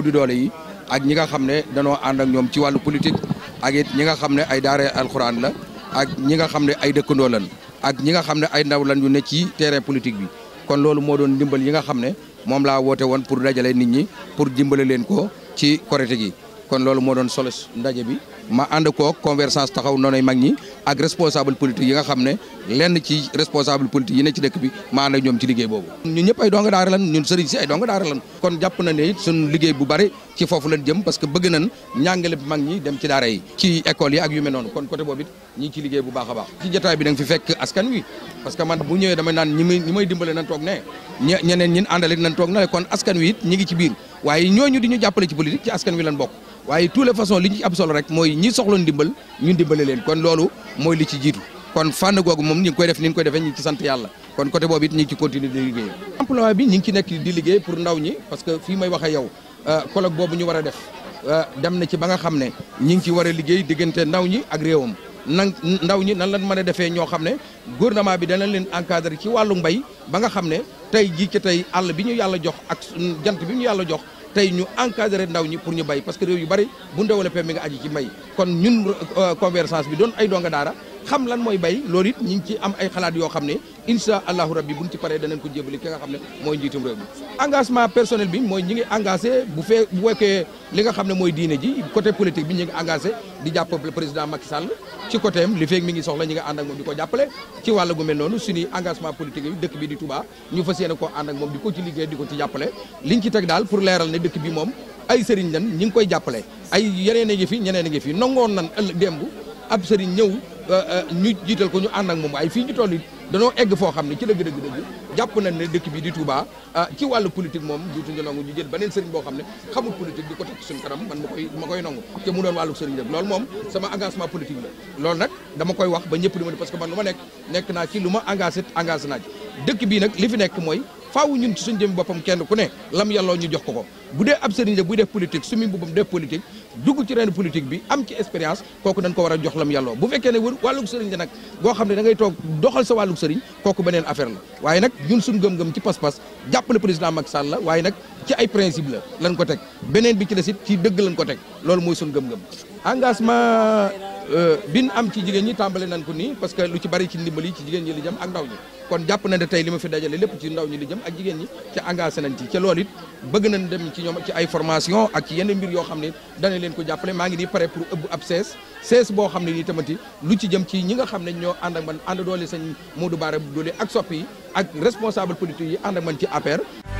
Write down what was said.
néew di doole yi ak ñi nga xam ne danoo ànd ak ñoom ci wàllu politique ak it ñi nga xam ne ay daara alxuraan la ak ñi nga xam ne ay dëkkandoo lan ak ñi nga xam ne ay ndaw lan yu ne ci terrain politique bi kon loolu moo doon ndimbal yi nga xam ne moom laa woote woon pour dajale nit ñi pour dimbale leen ko ci korite gi kon loolu moo doon solos ndaje bi ma ànd koo convergence taxaw noonu mag ñi ak responsable politique yi nga xam ne lenn ci responsable politique yi ne ci dëkk bi ma ànd ak ñoom ci liggéey boobu. ñun ñëpp ay donga daara lan ñun sëriñ si ay donga lan kon jàpp na ne suñu liggéey bu bari ci foofu lañ jëm parce que bëgg nan ñàngale bi mag ñi dem ci daara yi. ci école yi ak yu noonu kon côté boobu ñi ci liggéey bu baax a baax. ci jotaay bi da nga fi fekk askan wi parce que man bu ñëwee damay naan ñi may toog ne kon askan wi it ñi ngi ci biir waaye ñooñu di ñu jàppale ci politique ci askan wi lan bokk waaye tous les façons li ñu ci am solo rek mooy ñi soxla dimbal ñu dimbale leen kon loolu mooy li ci jiitu kon fànn googu moom ñu ngi koy def ni ñu koy defee ñu ci sant yàlla kon côté boobu it ñu ngi ci continuer di liggéey emploi bi ñu ngi ci nekk di liggéey pour ndaw ñi parce que fii may waxe ak yow euh, colloque boobu ñu war a def euh, dem na ci ba nga xam ne ñi ngi ci war a liggéey diggante ndaw ñi ak réewam nan ndaw ñi nan lan mën a defee ñoo xam ne gouvernement bi dana leen encadrer ci wàllu mbay ba nga xam ne tey jii ci tey àll bi ñu yàlla jox ak jant bi ñu yàlla jox tey ñu encadré ndaw ñi pour ñu bay parce que réew yu bari bu ñu développé mi nga aji ci mbay kon ñun euh, convergence bi doon ay donga daara xam lan mooy bay loolu it ngi ci am ay xalaat yoo xam ne incha allahu rabbi buñ ci paree danañ ko jébali ki nga xam ne mooy njiitum réew mi engagement personnel bi mooy ñi ngi engagé bu fee bu li nga xam ne mooy diine ji côté politique bi ñu ngi engagé di jàppale président Macky Sall ci côté am li feeg mi ngi soxla ñi nga ànd ak moom ko jàppale wàll gu mel noonu engagement politique yi dëkk bi di Touba ñu fa yéene koo ànd ak moom di ko ci liggéey di ko ci jàppale liñ ci teg daal pour leeral ne dëkk bi moom ay sëriñ lan ñi ngi koy jàppale ay yeneen a ngi fi ñeneen a ngi fi nangoon nan ëllëg démb ab sëriñ ñëw euh, euh, ñu jiital ko ñu ànd moom ay fii ñu toll it danoo egg foo xam ne ci dëgg dëgg dëgg jàpp nañ ne dëkk bi di Touba euh, ci wàllu politique moom duutu ñu nangu ñu beneen sëriñ boo xam ne xamul politique di ko teg suñu kanam man ma koy ma koy nangu mu doon wàllu sëriñ rek loolu moom sama engagement politique la loolu nag dama koy wax ba ñëpp di ma ne parce que man lu ma nekk nekk naa ci lu ma engagé engagé naa ci dëkk bii nag li fi nekk mooy faaw ñun ci suñu jëm kenn ku ne lam yàlloo ñu jox ko ko bu dee ab sëriñ la buy def politique dugg ci reenu politique bi am ci expérience kooku dañ ko war a jox lam yàlloo bu fekkee ne wër wàllug sëriñ la nag goo xam ne da ngay toog doxal sa wàllug sëriñ kooku beneen affaire la waaye nag ñun suñ gëm-gëm ci pas-pas jàpp na président Macky Sall la waaye nag ci ay principe la lañ ko teg beneen bi ci des ci dëgg lañ ko teg loolu mooy suñ gëm-gëm engagement euh, bin am ci jigéen ñi tàmbale nañ ko nii parce que lu ci bari ci ndimbal yi ci jigéen ñi li jëm ak ndaw ñi kon jàpp na ne tey li ma fi dajale lépp ci ndaw ñi li jëm ak jigéen ñi ca engagé nañ ci ca loolu it bëgg nañ dem ci ñoom ci ay formation ak ci yenn mbir yoo xam ne danañ leen ko jàppale maa ngi nii pour ëbb ab sees sees boo xam ne nii tamati lu ci jëm ci ñi nga xam ne ñoo ak man doole Modou ak soppi ak responsable politique yi ak man ci